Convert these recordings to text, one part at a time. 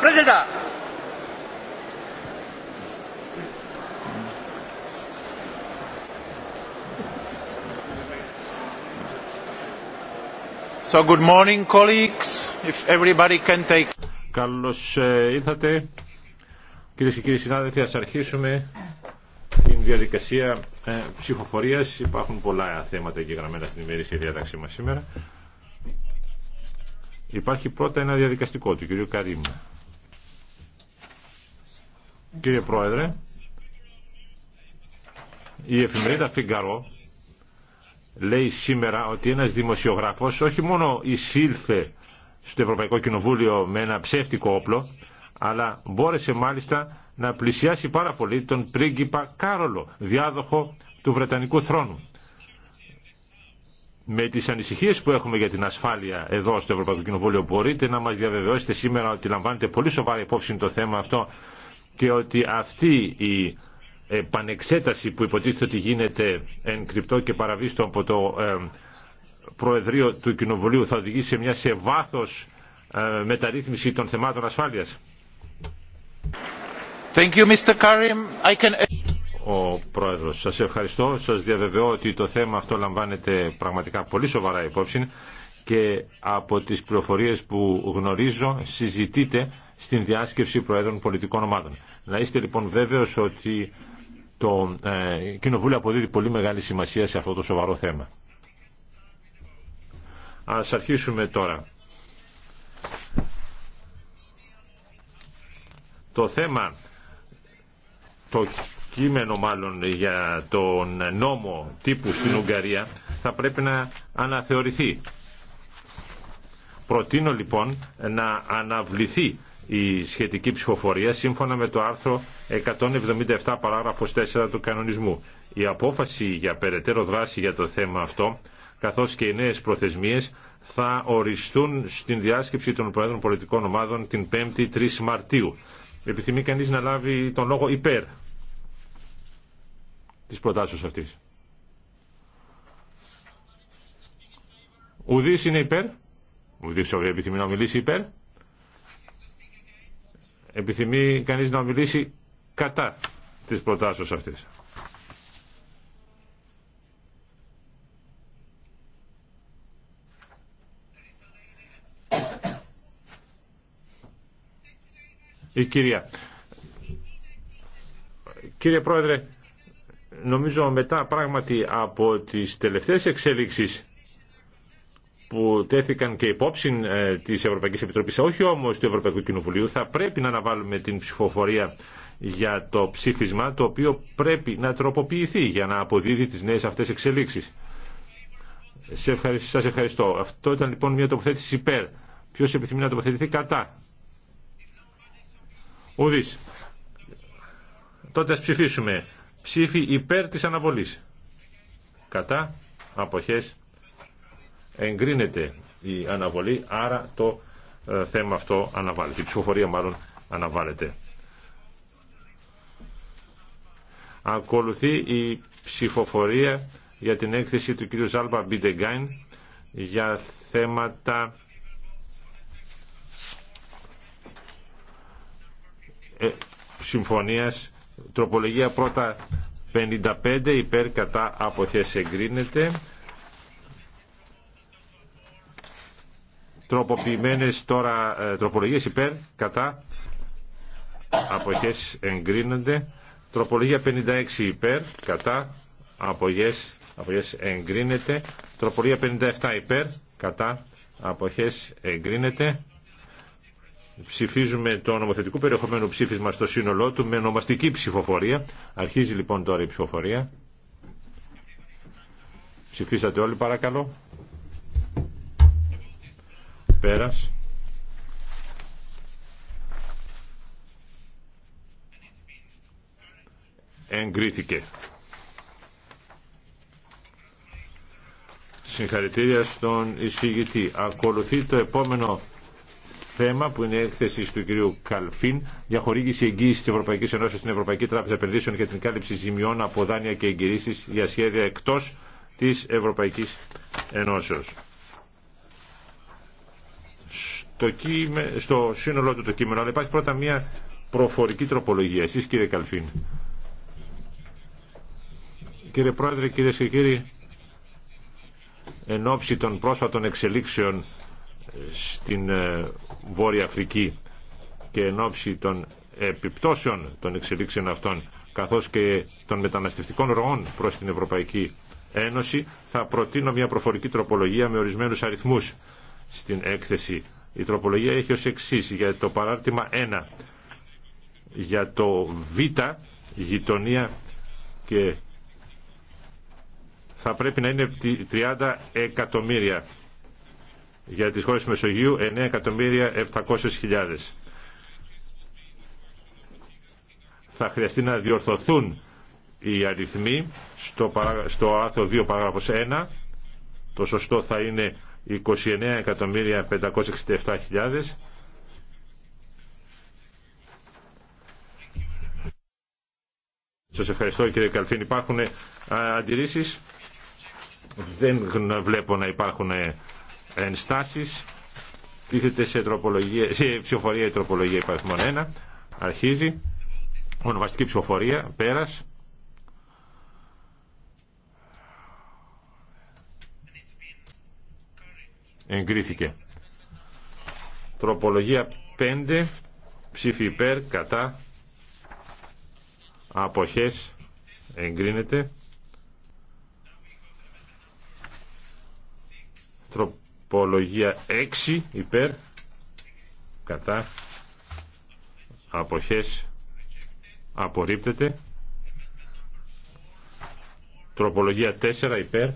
Καλώ So good morning colleagues, if everybody can take... Καλώς ε, ήρθατε. Κυρίες και κύριοι συνάδελφοι, ας αρχίσουμε την διαδικασία ε, ψηφοφορίας. Υπάρχουν πολλά θέματα εγγεγραμμένα στην ημερήσια διάταξή μας σήμερα. Υπάρχει πρώτα ένα διαδικαστικό του κυρίου Καρύμ. Κύριε Πρόεδρε, η εφημερίδα Φιγκαρό λέει σήμερα ότι ένας δημοσιογράφος όχι μόνο εισήλθε στο Ευρωπαϊκό Κοινοβούλιο με ένα ψεύτικο όπλο, αλλά μπόρεσε μάλιστα να πλησιάσει πάρα πολύ τον πρίγκιπα Κάρολο, διάδοχο του Βρετανικού θρόνου. Με τις ανησυχίες που έχουμε για την ασφάλεια εδώ στο Ευρωπαϊκό Κοινοβούλιο μπορείτε να μας διαβεβαιώσετε σήμερα ότι λαμβάνετε πολύ σοβαρά υπόψη το θέμα αυτό και ότι αυτή η πανεξέταση που υποτίθεται ότι γίνεται εν κρυπτό και παραβίστο από το Προεδρείο του Κοινοβουλίου θα οδηγήσει σε μια σε βάθος ε, μεταρρύθμιση των θεμάτων ασφάλειας. Thank can... Ο Πρόεδρος, σας ευχαριστώ. Σας διαβεβαιώ ότι το θέμα αυτό λαμβάνεται πραγματικά πολύ σοβαρά υπόψη και από τις πληροφορίες που γνωρίζω συζητείται στην διάσκεψη Προέδρων Πολιτικών Ομάδων. Να είστε λοιπόν βέβαιος ότι το ε, Κοινοβούλιο αποδίδει πολύ μεγάλη σημασία σε αυτό το σοβαρό θέμα. Ας αρχίσουμε τώρα. Το θέμα, το κείμενο μάλλον για τον νόμο τύπου στην Ουγγαρία θα πρέπει να αναθεωρηθεί. Προτείνω λοιπόν να αναβληθεί η σχετική ψηφοφορία σύμφωνα με το άρθρο 177 παράγραφος 4 του κανονισμού. Η απόφαση για περαιτέρω δράση για το θέμα αυτό, καθώς και οι νέες προθεσμίες, θα οριστούν στην διάσκεψη των Προέδρων Πολιτικών Ομάδων την 5η 3 Μαρτίου. Επιθυμεί κανείς να λάβει τον λόγο υπέρ της προτάσεως αυτής. Ουδής είναι υπέρ. Ουδής επιθυμεί να μιλήσει υπέρ. Επιθυμεί κανείς να μιλήσει κατά της προτάσεως αυτής. Η κυρία. Κύριε Πρόεδρε, νομίζω μετά πράγματι από τις τελευταίες εξέλιξεις που τέθηκαν και υπόψη ε, τη Ευρωπαϊκή Επιτροπή, όχι όμως του Ευρωπαϊκού Κοινοβουλίου, θα πρέπει να αναβάλουμε την ψηφοφορία για το ψήφισμα το οποίο πρέπει να τροποποιηθεί για να αποδίδει τις νέες αυτές εξελίξεις. Σα ευχαριστώ, ευχαριστώ. Αυτό ήταν λοιπόν μια τοποθέτηση υπέρ. Ποιο επιθυμεί να τοποθετηθεί κατά. Ουδή. Τότε α ψηφίσουμε. Ψήφι υπέρ τη αναβολή. Κατά. Αποχές εγκρίνεται η αναβολή, άρα το ε, θέμα αυτό αναβάλλεται. Η ψηφοφορία μάλλον αναβάλλεται. Ακολουθεί η ψηφοφορία για την έκθεση του κ. Ζάλμπα Μπιντεγκάιν για θέματα ε, συμφωνίας. Τροπολογία πρώτα 55 υπέρ κατά αποχές εγκρίνεται. τροποποιημένες τώρα ε, τροπολογίες υπέρ, κατά, αποχές εγκρίνονται. Τροπολογία 56 υπέρ, κατά, αποχές, αποχές εγκρίνεται. Τροπολογία 57 υπέρ, κατά, αποχές εγκρίνεται. Ψηφίζουμε το νομοθετικό περιεχομένο ψήφισμα στο σύνολό του με νομαστική ψηφοφορία. Αρχίζει λοιπόν τώρα η ψηφοφορία. Ψηφίσατε όλοι παρακαλώ πέρας εγκρίθηκε. Συγχαρητήρια στον εισηγητή. Ακολουθεί το επόμενο θέμα που είναι η έκθεση του κυρίου Καλφίν για χορήγηση εγγύηση τη Ευρωπαϊκή Ενώση στην Ευρωπαϊκή Τράπεζα Επενδύσεων για την κάλυψη ζημιών από δάνεια και εγκυρίσει για σχέδια εκτό τη Ευρωπαϊκή στο, κείμε, στο σύνολό του το κείμενο, αλλά υπάρχει πρώτα μια προφορική τροπολογία. Εσείς κύριε Καλφίν. Κύριε Πρόεδρε, κυρίε και κύριοι, εν ώψη των πρόσφατων εξελίξεων ε, στην ε, Βόρεια Αφρική και εν ώψη των επιπτώσεων των εξελίξεων αυτών καθώς και των μεταναστευτικών ροών προς την Ευρωπαϊκή Ένωση θα προτείνω μια προφορική τροπολογία με ορισμένους αριθμούς στην έκθεση. Η τροπολογία έχει ως εξή για το παράρτημα 1 για το Β γειτονία και θα πρέπει να είναι 30 εκατομμύρια για τις χώρες Μεσογείου 9 εκατομμύρια 700.000 θα χρειαστεί να διορθωθούν οι αριθμοί στο, στο άρθρο 2 παράγραφος 1 το σωστό θα είναι 29.567.000 Σας ευχαριστώ κύριε Καλφίν. Υπάρχουν αντιρρήσεις. Δεν βλέπω να υπάρχουν ε, ενστάσεις. Τίθεται σε, σε ψηφοφορία η τροπολογία υπαριθμών 1. Αρχίζει. Ονομαστική ψηφοφορία. Πέρας. εγκρίθηκε. Τροπολογία 5, ψήφι υπέρ, κατά, αποχές, εγκρίνεται. Τροπολογία 6, υπέρ, κατά, αποχές, απορρίπτεται. Τροπολογία 4, υπέρ,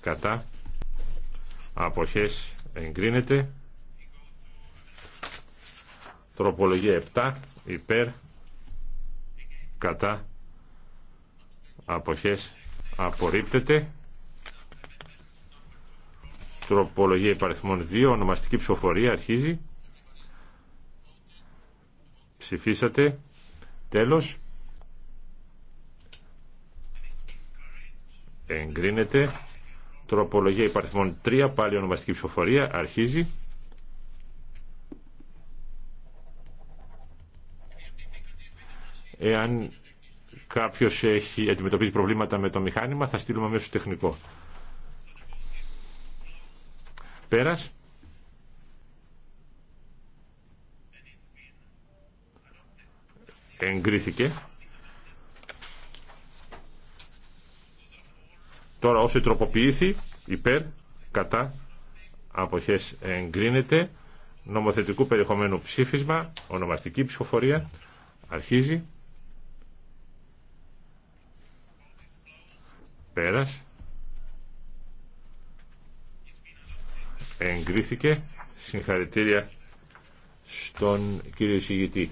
κατά, αποχές εγκρίνεται τροπολογία 7 υπέρ κατά αποχές απορρίπτεται τροπολογία υπαριθμών 2 ονομαστική ψηφοφορία αρχίζει ψηφίσατε τέλος εγκρίνεται Τροπολογία υπαριθμών 3, πάλι ονομαστική ψηφοφορία, αρχίζει. Εάν κάποιος έχει, αντιμετωπίζει προβλήματα με το μηχάνημα, θα στείλουμε αμέσως τεχνικό. Πέρας. Εγκρίθηκε. τώρα όσο τροποποιήθη υπέρ, κατά, αποχές εγκρίνεται νομοθετικού περιεχομένου ψήφισμα ονομαστική ψηφοφορία αρχίζει πέρας εγκρίθηκε συγχαρητήρια στον κύριο εισηγητή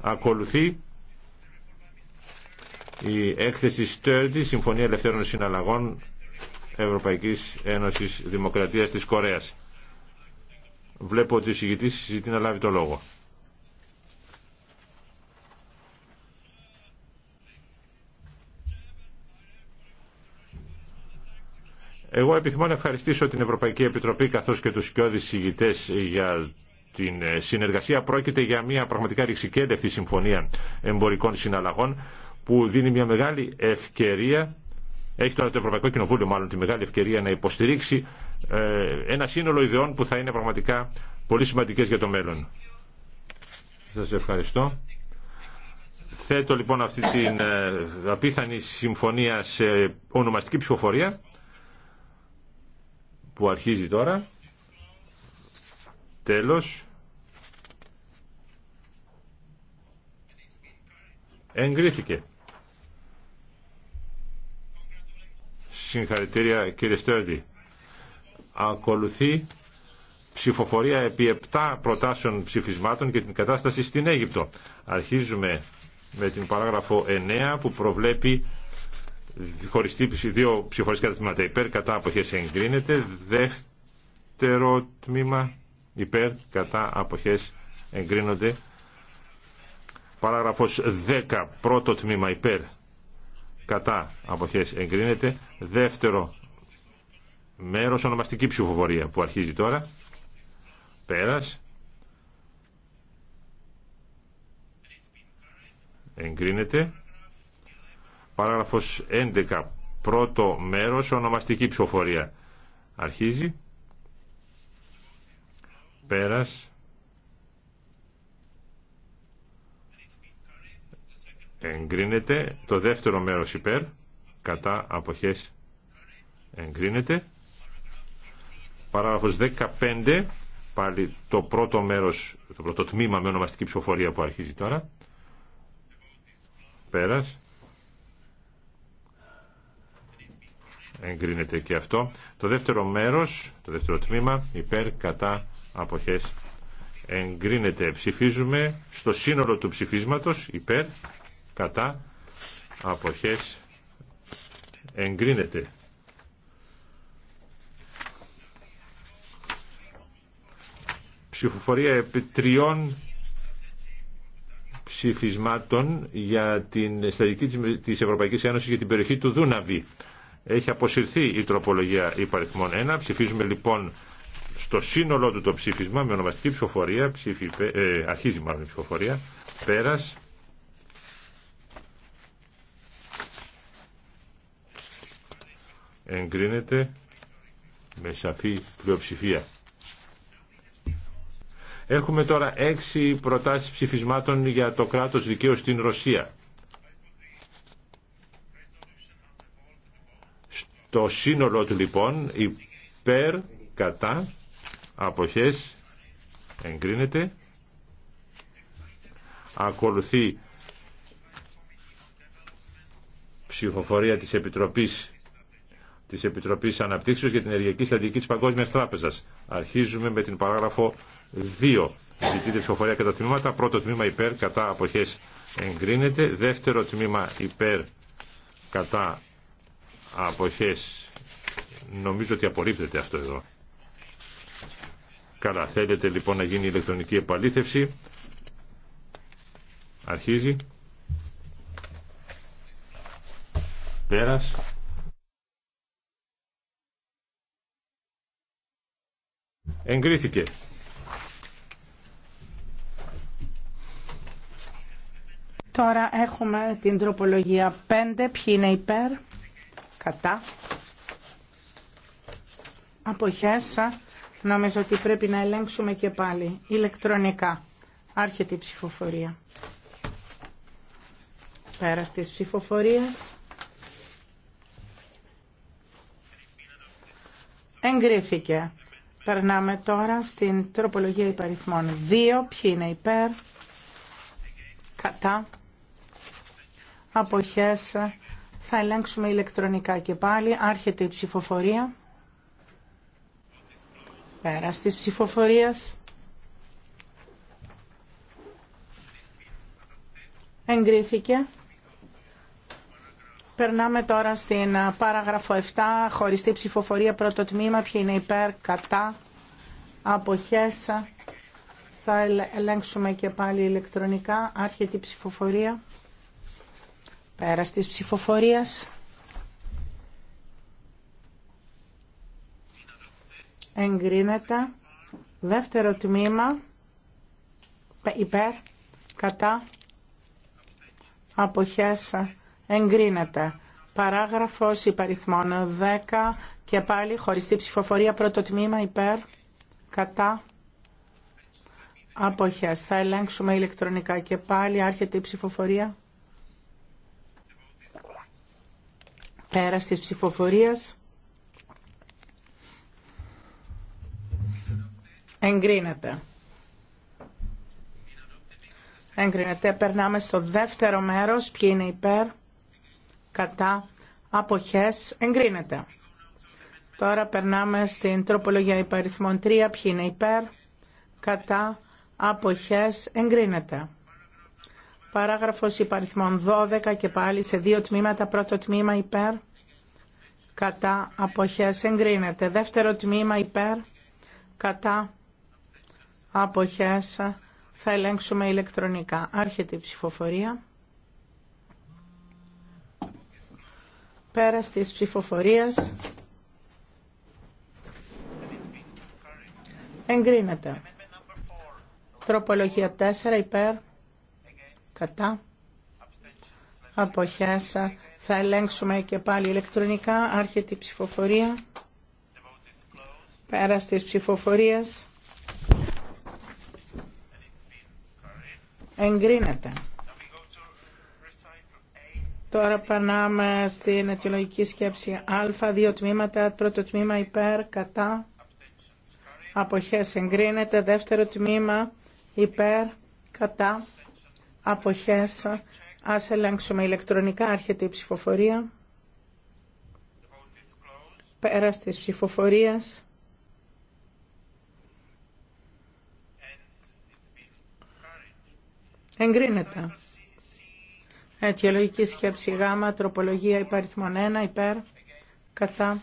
ακολουθεί η έκθεση Στέρντι, Συμφωνία Ελευθέρων Συναλλαγών Ευρωπαϊκής Ένωσης Δημοκρατίας της Κορέας. Βλέπω ότι ο συγητής συζητεί να λάβει το λόγο. Εγώ επιθυμώ να ευχαριστήσω την Ευρωπαϊκή Επιτροπή καθώς και τους κοιόδης συγητές για την ε, συνεργασία. Πρόκειται για μια πραγματικά ρηξικέλευτη συμφωνία εμπορικών συναλλαγών που δίνει μια μεγάλη ευκαιρία, έχει τώρα το Ευρωπαϊκό Κοινοβούλιο μάλλον τη μεγάλη ευκαιρία να υποστηρίξει ε, ένα σύνολο ιδεών που θα είναι πραγματικά πολύ σημαντικές για το μέλλον. Σας ευχαριστώ. Θέτω λοιπόν αυτή την ε, απίθανη συμφωνία σε ονομαστική ψηφοφορία που αρχίζει τώρα. Τέλος. Εγκρίθηκε. Συγχαρητήρια κύριε Στέρντι. Ακολουθεί ψηφοφορία επί 7 προτάσεων ψηφισμάτων για την κατάσταση στην Αίγυπτο. Αρχίζουμε με την παράγραφο 9 που προβλέπει χωριστή, δύο ψηφοριστικά τμήματα υπέρ, κατά αποχές εγκρίνεται. Δεύτερο τμήμα υπέρ, κατά αποχές εγκρίνονται. Παράγραφος 10, πρώτο τμήμα υπέρ, κατά αποχές εγκρίνεται δεύτερο μέρος ονομαστική ψηφοφορία που αρχίζει τώρα πέρας εγκρίνεται παράγραφος 11 πρώτο μέρος ονομαστική ψηφοφορία αρχίζει πέρας εγκρίνεται το δεύτερο μέρος υπέρ κατά αποχές εγκρίνεται παράγραφος 15 πάλι το πρώτο μέρος το πρώτο τμήμα με ονομαστική ψηφοφορία που αρχίζει τώρα πέρας εγκρίνεται και αυτό το δεύτερο μέρος το δεύτερο τμήμα υπέρ κατά αποχές εγκρίνεται ψηφίζουμε στο σύνολο του ψηφίσματος υπέρ κατά αποχές εγκρίνεται. Ψηφοφορία επί τριών ψηφισμάτων για την στρατηγική της Ευρωπαϊκής Ένωσης για την περιοχή του Δούναβη. Έχει αποσυρθεί η τροπολογία υπαριθμών 1. Ψηφίζουμε λοιπόν στο σύνολό του το ψήφισμα με ονομαστική ψηφοφορία, ψήφι, ε, αρχίζει μάλλον η ψηφοφορία, πέρας εγκρίνεται με σαφή πλειοψηφία. Έχουμε τώρα έξι προτάσεις ψηφισμάτων για το κράτος δικαίου στην Ρωσία. Στο σύνολο του λοιπόν υπέρ κατά αποχές εγκρίνεται. Ακολουθεί ψηφοφορία της Επιτροπής της Επιτροπής Αναπτύξεως για την Ενεργειακή Στρατηγική της Παγκόσμιας Τράπεζας. Αρχίζουμε με την παράγραφο 2. Ζητείται ψηφοφορία κατά τμήματα. Πρώτο τμήμα υπέρ κατά αποχές εγκρίνεται. Δεύτερο τμήμα υπέρ κατά αποχές. Νομίζω ότι απορρίπτεται αυτό εδώ. Καλά, θέλετε λοιπόν να γίνει ηλεκτρονική επαλήθευση. Αρχίζει. Πέρας. Εγκρίθηκε. Τώρα έχουμε την τροπολογία 5. Ποιοι είναι υπέρ, κατά. Αποχές. Νομίζω ότι πρέπει να ελέγξουμε και πάλι ηλεκτρονικά. Άρχεται η ψηφοφορία. Πέρα της ψηφοφορίας. Εγκρίθηκε. Περνάμε τώρα στην τροπολογία υπαριθμών 2. Ποιοι είναι υπέρ, κατά, αποχές. Θα ελέγξουμε ηλεκτρονικά και πάλι. Άρχεται η ψηφοφορία. Πέρα της ψηφοφορίας. Εγκρίθηκε. Περνάμε τώρα στην παράγραφο 7, χωριστή ψηφοφορία, πρώτο τμήμα, ποιοι είναι υπέρ, κατά, αποχές. Θα ελέγξουμε και πάλι ηλεκτρονικά, άρχεται η ψηφοφορία, πέρα της ψηφοφορίας. Εγκρίνεται. Δεύτερο τμήμα, υπέρ, κατά, αποχές εγκρίνεται. Παράγραφος υπαριθμών 10 και πάλι χωριστή ψηφοφορία πρώτο τμήμα υπέρ κατά αποχές. Θα ελέγξουμε ηλεκτρονικά και πάλι άρχεται η ψηφοφορία. Πέρα της ψηφοφορίας εγκρίνεται. Εγκρίνεται. Περνάμε στο δεύτερο μέρος. Ποιοι είναι υπέρ κατά αποχές εγκρίνεται. Τώρα περνάμε στην τροπολογία υπαριθμών 3. Ποιοι είναι υπέρ, κατά, αποχές, εγκρίνεται. Παράγραφος υπαριθμών 12 και πάλι σε δύο τμήματα. Πρώτο τμήμα υπέρ, κατά, αποχές, εγκρίνεται. Δεύτερο τμήμα υπέρ, κατά, αποχές, θα ελέγξουμε ηλεκτρονικά. Άρχεται η ψηφοφορία. Πέρα της ψηφοφορίας. Εγκρίνεται. Τροπολογία 4 υπέρ. Κατά. αποχέσα. Θα ελέγξουμε και πάλι ηλεκτρονικά. Άρχεται η ψηφοφορία. Πέρα της ψηφοφορίας. Εγκρίνεται. Τώρα περνάμε στην αιτιολογική σκέψη Α, δύο τμήματα. Πρώτο τμήμα υπέρ, κατά, αποχές εγκρίνεται. Δεύτερο τμήμα υπέρ, κατά, αποχές. Ας ελέγξουμε ηλεκτρονικά, άρχεται η ψηφοφορία. Πέρα της ψηφοφορίας. Εγκρίνεται. Αιτιολογική σκέψη Γ, τροπολογία υπαριθμών 1, υπέρ, κατά,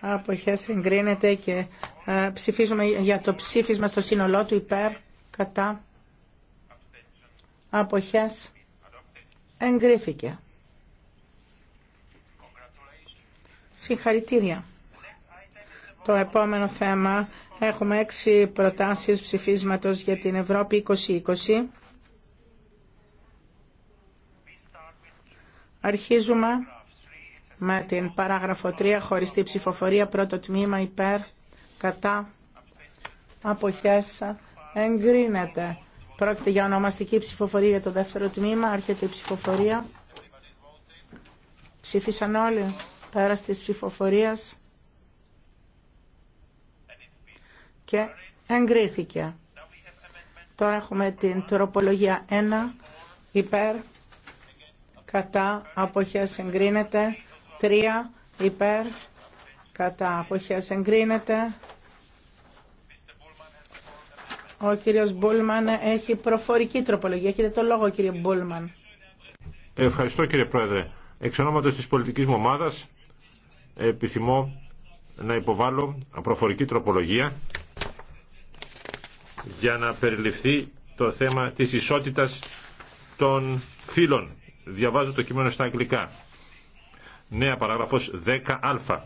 αποχές εγκρίνεται και ε, ψηφίζουμε για το ψήφισμα στο σύνολό του υπέρ, κατά, αποχές εγκρίθηκε. Συγχαρητήρια. Το επόμενο θέμα έχουμε έξι προτάσεις ψηφίσματος για την Ευρώπη 2020. Αρχίζουμε με την παράγραφο 3 χωριστή ψηφοφορία πρώτο τμήμα υπέρ κατά αποχές εγκρίνεται. Πρόκειται για ονομαστική ψηφοφορία για το δεύτερο τμήμα. Άρχεται η ψηφοφορία. Ψήφισαν όλοι πέρα τη ψηφοφορία και εγκρίθηκε. Τώρα έχουμε την τροπολογία 1 υπέρ κατά αποχέ εγκρίνεται Τρία υπέρ κατά αποχέ εγκρίνεται ο κύριος Μπούλμαν έχει προφορική τροπολογία. Έχετε το λόγο κύριε Μπούλμαν. Ευχαριστώ κύριε Πρόεδρε. Εξ ονόματος της πολιτικής μου ομάδας επιθυμώ να υποβάλω προφορική τροπολογία για να περιληφθεί το θέμα της ισότητας των φύλων διαβάζω το κείμενο στα αγγλικά. Νέα παράγραφος 10α.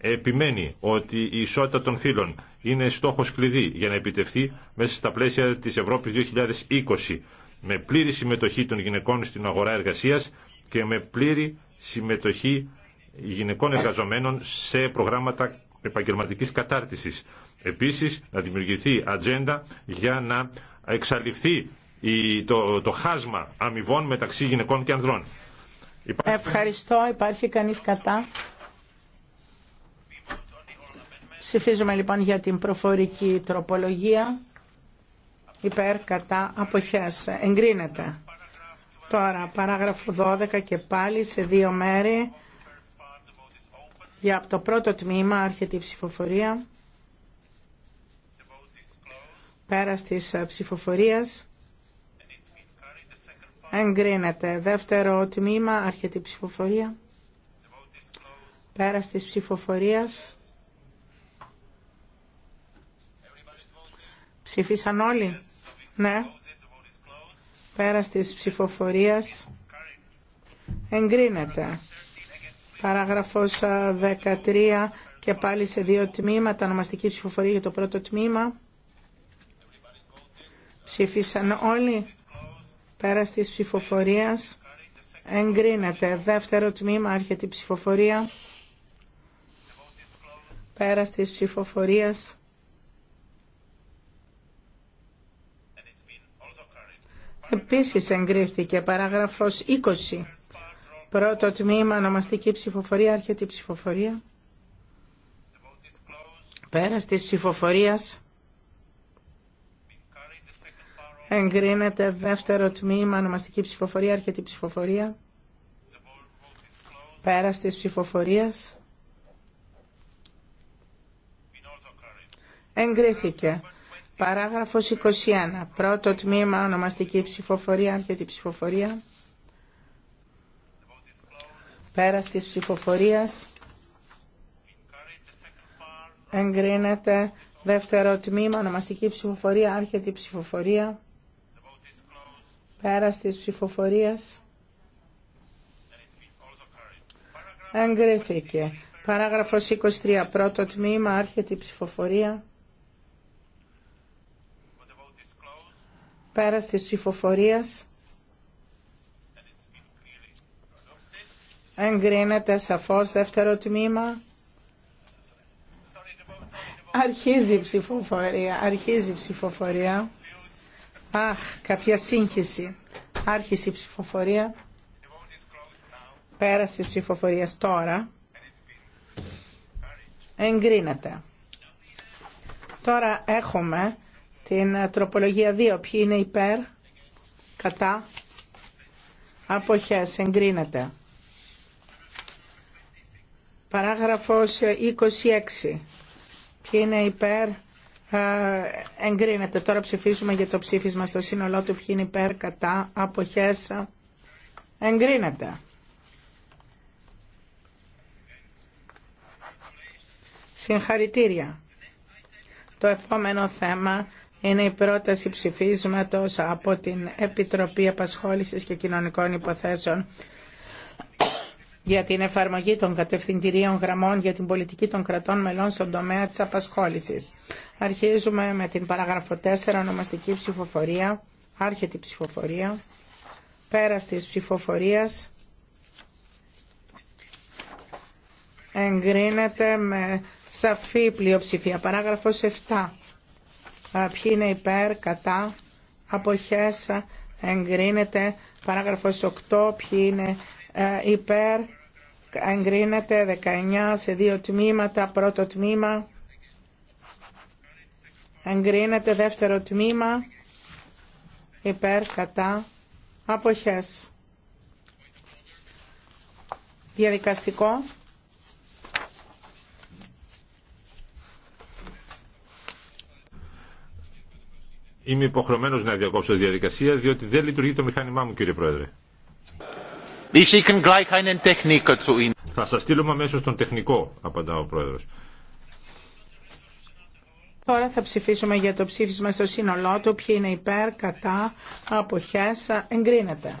Επιμένει ότι η ισότητα των φύλων είναι στόχος κλειδί για να επιτευχθεί μέσα στα πλαίσια της Ευρώπης 2020 με πλήρη συμμετοχή των γυναικών στην αγορά εργασίας και με πλήρη συμμετοχή γυναικών εργαζομένων σε προγράμματα επαγγελματικής κατάρτισης. Επίσης, να δημιουργηθεί ατζέντα για να εξαλειφθεί το, χάσμα αμοιβών μεταξύ γυναικών και ανδρών. Ευχαριστώ. Υπάρχει κανείς κατά. Ψηφίζουμε λοιπόν για την προφορική τροπολογία. Υπέρ, κατά, αποχές. Εγκρίνεται. Τώρα, παράγραφο 12 και πάλι σε δύο μέρη. Για από το πρώτο τμήμα άρχεται η ψηφοφορία. Πέρα της ε, ψηφοφορίας εγκρίνεται. Δεύτερο τμήμα, αρχιετή ψηφοφορία. Πέρας της ψηφοφορίας. Ψηφίσαν όλοι. Ναι. Πέρας της ψηφοφορίας. Εγκρίνεται. Παράγραφος 13 και πάλι σε δύο τμήματα, ονομαστική ψηφοφορία για το πρώτο τμήμα. Ψήφισαν όλοι Πέρα της ψηφοφορίας εγκρίνεται. Δεύτερο τμήμα άρχεται η ψηφοφορία. Πέρας της ψηφοφορίας Επίσης εγκρίθηκε παράγραφος 20. Πρώτο τμήμα ονομαστική ψηφοφορία, άρχεται η ψηφοφορία. Πέρας της ψηφοφορίας Εγκρίνεται δεύτερο τμήμα, ονομαστική ψηφοφορία, αρχιετή ψηφοφορία. Πέρας της ψηφοφορίας. Εγκρίθηκε. Παράγραφος 21. Πρώτο τμήμα, ονομαστική ψηφοφορία, αρχιετή ψηφοφορία. Πέρας της ψηφοφορίας. Εγκρίνεται δεύτερο τμήμα, ονομαστική ψηφοφορία, άρχεται ψηφοφορία. Πέρας της ψηφοφορίας. Εγκρίθηκε. Παράγραφος 23. Πρώτο τμήμα. Άρχεται η ψηφοφορία. Πέρας της ψηφοφορίας. Εγκρίνεται σαφώς δεύτερο τμήμα. Αρχίζει η ψηφοφορία. Αρχίζει η ψηφοφορία. Αχ, κάποια σύγχυση. Άρχισε η ψηφοφορία. Πέρασε η ψηφοφορία τώρα. Εγκρίνεται. Τώρα έχουμε την τροπολογία 2. Ποιοι είναι υπέρ, κατά, αποχές, εγκρίνεται. Παράγραφος 26. Ποιοι είναι υπέρ, ε, εγκρίνεται. Τώρα ψηφίζουμε για το ψήφισμα στο σύνολό του ποιοι είναι υπέρ, κατά, αποχές, εγκρίνεται. Συγχαρητήρια. Το επόμενο θέμα είναι η πρόταση ψηφίσματος από την Επιτροπή Απασχόλησης και Κοινωνικών Υποθέσεων για την εφαρμογή των κατευθυντηρίων γραμμών για την πολιτική των κρατών μελών στον τομέα της απασχόλησης. Αρχίζουμε με την παράγραφο 4, ονομαστική ψηφοφορία, άρχεται ψηφοφορία, πέρας της ψηφοφορίας, εγκρίνεται με σαφή πλειοψηφία. Παράγραφος 7. Ποιοι είναι υπέρ, κατά, αποχές, εγκρίνεται. Παράγραφος 8. Ποιοι είναι ε, υπέρ εγκρίνεται 19 σε δύο τμήματα πρώτο τμήμα εγκρίνεται δεύτερο τμήμα υπέρ κατά αποχές διαδικαστικό Είμαι υποχρεωμένος να διακόψω τη διαδικασία διότι δεν λειτουργεί το μηχάνημά μου κύριε Πρόεδρε. Θα σας στείλουμε αμέσως τον τεχνικό, απαντά ο Πρόεδρος. Τώρα θα ψηφίσουμε για το ψήφισμα στο σύνολό του. Ποιοι είναι υπέρ, κατά, αποχές, εγκρίνεται.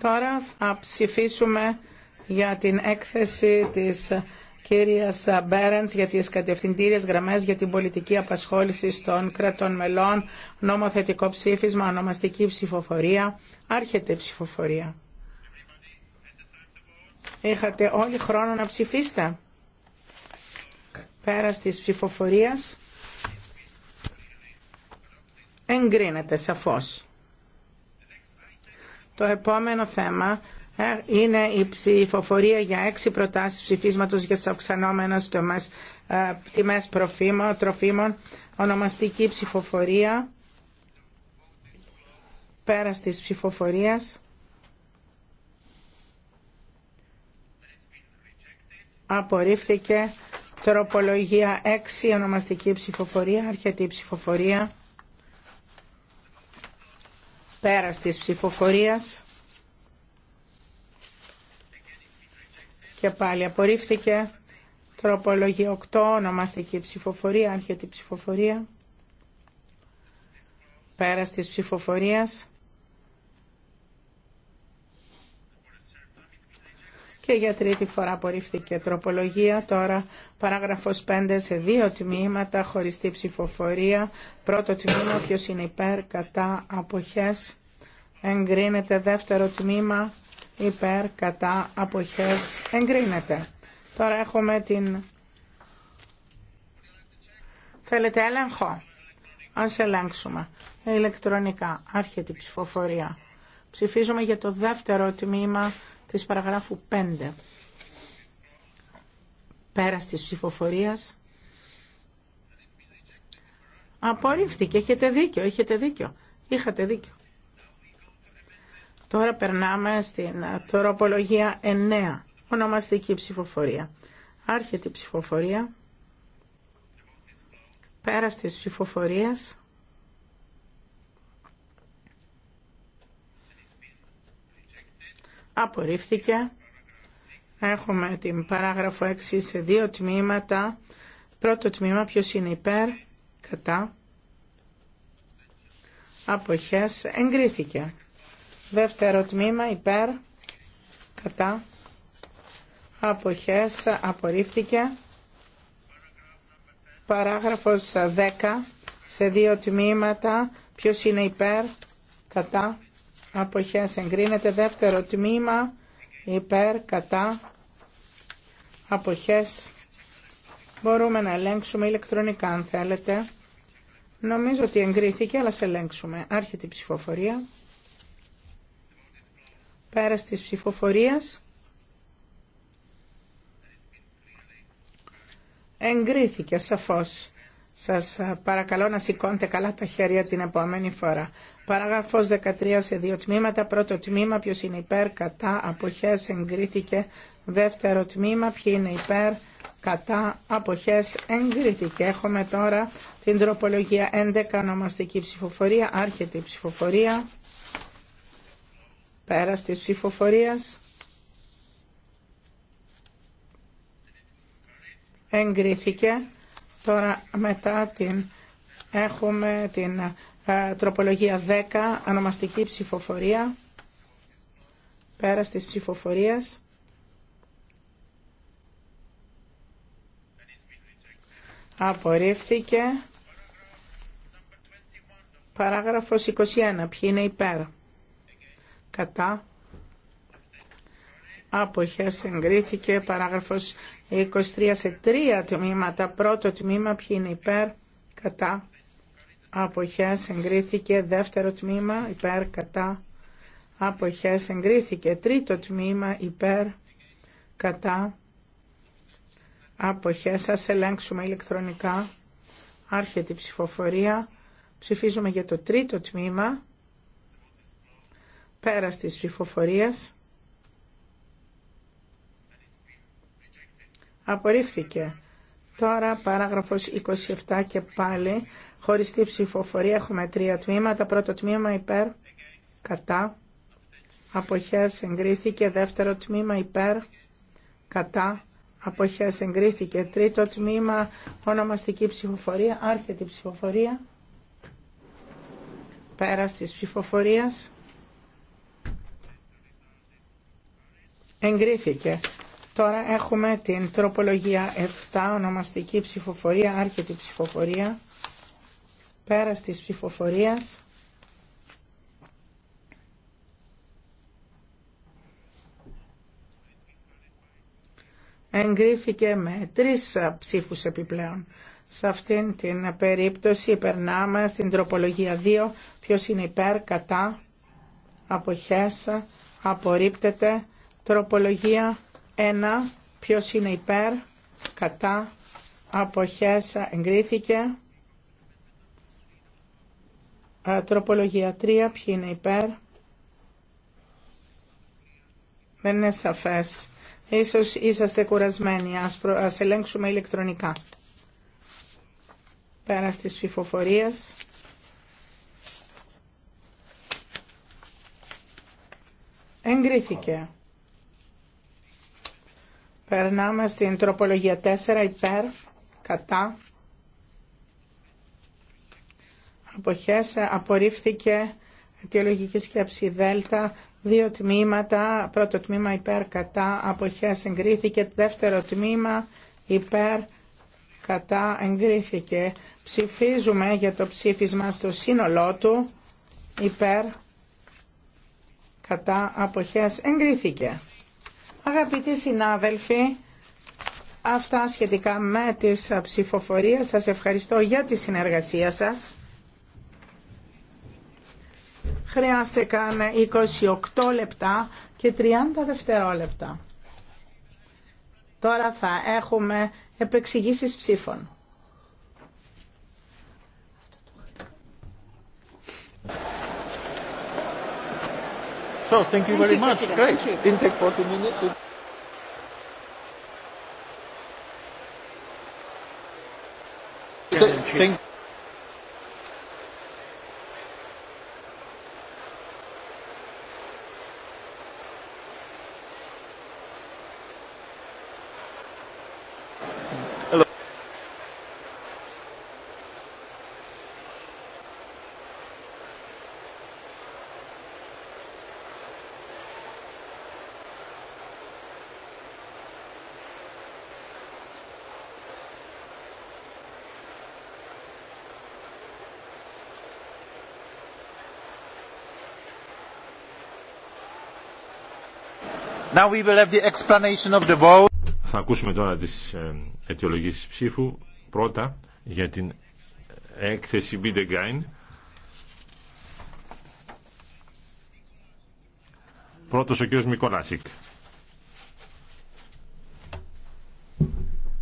Τώρα θα ψηφίσουμε για την έκθεση της Κύρια Μπέρενς για τι κατευθυντήριε γραμμέ για την πολιτική απασχόληση των κρατών μελών, νομοθετικό ψήφισμα, ονομαστική ψηφοφορία, άρχεται ψηφοφορία. Είχατε όλοι χρόνο να ψηφίσετε. πέρα τη ψηφοφορία. εγκρίνεται σαφώς. Το επόμενο θέμα ε, είναι η ψηφοφορία για έξι προτάσεις ψηφίσματος για τις αυξανόμενες τιμές ε, τροφίμων, ονομαστική ψηφοφορία, πέρα της ψηφοφορίας, απορρίφθηκε τροπολογία 6, ονομαστική ψηφοφορία, αρχιετή ψηφοφορία, πέρα της ψηφοφορίας, και πάλι απορρίφθηκε. Τροπολογία 8, ονομαστική ψηφοφορία, άρχεται ψηφοφορία. Πέρας της ψηφοφορίας. Και για τρίτη φορά απορρίφθηκε τροπολογία. Τώρα παράγραφος 5 σε δύο τμήματα, χωριστή ψηφοφορία. Πρώτο τμήμα, ποιος είναι υπέρ, κατά, αποχές εγκρίνεται δεύτερο τμήμα υπέρ κατά αποχές εγκρίνεται. Τώρα έχουμε την... Θέλετε έλεγχο. Ας ελέγξουμε. Ηλεκτρονικά. Άρχεται η ψηφοφορία. Ψηφίζουμε για το δεύτερο τμήμα της παραγράφου 5. Πέρας της ψηφοφορίας. Απορρίφθηκε. Έχετε δίκιο. Έχετε δίκιο. Είχατε δίκιο. Τώρα περνάμε στην τροπολογία 9, ονομαστική ψηφοφορία. Άρχεται η ψηφοφορία. Πέρα της ψηφοφορίας. Απορρίφθηκε. Έχουμε την παράγραφο 6 σε δύο τμήματα. Πρώτο τμήμα, ποιος είναι υπέρ, κατά. Αποχές, εγκρίθηκε. Δεύτερο τμήμα υπέρ, κατά, αποχές, απορρίφθηκε. Παράγραφος 10, σε δύο τμήματα, ποιος είναι υπέρ, κατά, αποχές εγκρίνεται. Δεύτερο τμήμα, υπέρ, κατά, αποχές. Μπορούμε να ελέγξουμε ηλεκτρονικά αν θέλετε. Νομίζω ότι εγκρίθηκε, αλλά σε ελέγξουμε. Άρχεται η ψηφοφορία. Πέρας της ψηφοφορίας. Εγκρίθηκε σαφώς. Σας παρακαλώ να σηκώνετε καλά τα χέρια την επόμενη φορά. Παράγραφος 13 σε δύο τμήματα. Πρώτο τμήμα, ποιος είναι υπέρ, κατά, αποχές, εγκρίθηκε. Δεύτερο τμήμα, ποιοι είναι υπέρ, κατά, αποχές, εγκρίθηκε. Έχουμε τώρα την τροπολογία 11, ονομαστική ψηφοφορία, άρχεται η ψηφοφορία. Πέρας της ψηφοφορίας. Εγκρίθηκε. Τώρα μετά την έχουμε την τροπολογία 10, ανομαστική ψηφοφορία. Πέρας της ψηφοφορίας. Απορρίφθηκε. Παράγραφος 21. Ποιοι είναι πέρα κατά άποχες εγκρίθηκε παράγραφος 23 σε τρία τμήματα πρώτο τμήμα ποιοι είναι υπέρ κατά άποχες εγκρίθηκε δεύτερο τμήμα υπέρ κατά άποχες εγκρίθηκε τρίτο τμήμα υπέρ κατά άποχες ας ελέγξουμε ηλεκτρονικά άρχεται η ψηφοφορία ψηφίζουμε για το τρίτο τμήμα Πέρα της ψηφοφορίας. Απορρίφθηκε. Τώρα παράγραφος 27 και πάλι χωριστή ψηφοφορία έχουμε τρία τμήματα. Πρώτο τμήμα υπέρ, κατά, αποχές εγκρίθηκε. Δεύτερο τμήμα υπέρ, κατά, αποχές εγκρίθηκε. Τρίτο τμήμα ονομαστική ψηφοφορία, άρχεται η ψηφοφορία. πέρα της ψηφοφορίας. εγκρίθηκε. Τώρα έχουμε την τροπολογία 7, ονομαστική ψηφοφορία, άρχιτη ψηφοφορία, πέρας της ψηφοφορίας. Εγκρίθηκε με τρεις ψήφους επιπλέον. Σε αυτήν την περίπτωση περνάμε στην τροπολογία 2, ποιος είναι υπέρ, κατά, αποχέσα απορρίπτεται Τροπολογία 1. Ποιος είναι υπέρ, κατά, αποχές, εγκρίθηκε. Ε, τροπολογία 3. Ποιοι είναι υπέρ. Δεν είναι σαφές. Ίσως είσαστε κουρασμένοι. Ας, προ... ελέγξουμε ηλεκτρονικά. Πέρα στις ψηφοφορίες. Εγκρίθηκε. Περνάμε στην τροπολογία 4 υπέρ, κατά. Αποχές ε, απορρίφθηκε αιτιολογική σκέψη Δέλτα, δύο τμήματα, πρώτο τμήμα υπέρ, κατά, αποχές εγκρίθηκε, δεύτερο τμήμα υπέρ, κατά, εγκρίθηκε. Ψηφίζουμε για το ψήφισμα στο σύνολό του, υπέρ, κατά, αποχές εγκρίθηκε. Αγαπητοί συνάδελφοι, αυτά σχετικά με τις ψηφοφορίες. Σας ευχαριστώ για τη συνεργασία σας. Χρειάστηκαν 28 λεπτά και 30 δευτερόλεπτα. Τώρα θα έχουμε επεξηγήσεις ψήφων. So thank you very much. Great. Didn't take 40 minutes. Thank you. Now we will have the explanation of the vote. Θα ακούσουμε τώρα τις ε, αιτιολογήσεις ψήφου. Πρώτα για την έκθεση Bidegain. Πρώτος ο κύριος Μικολάσικ.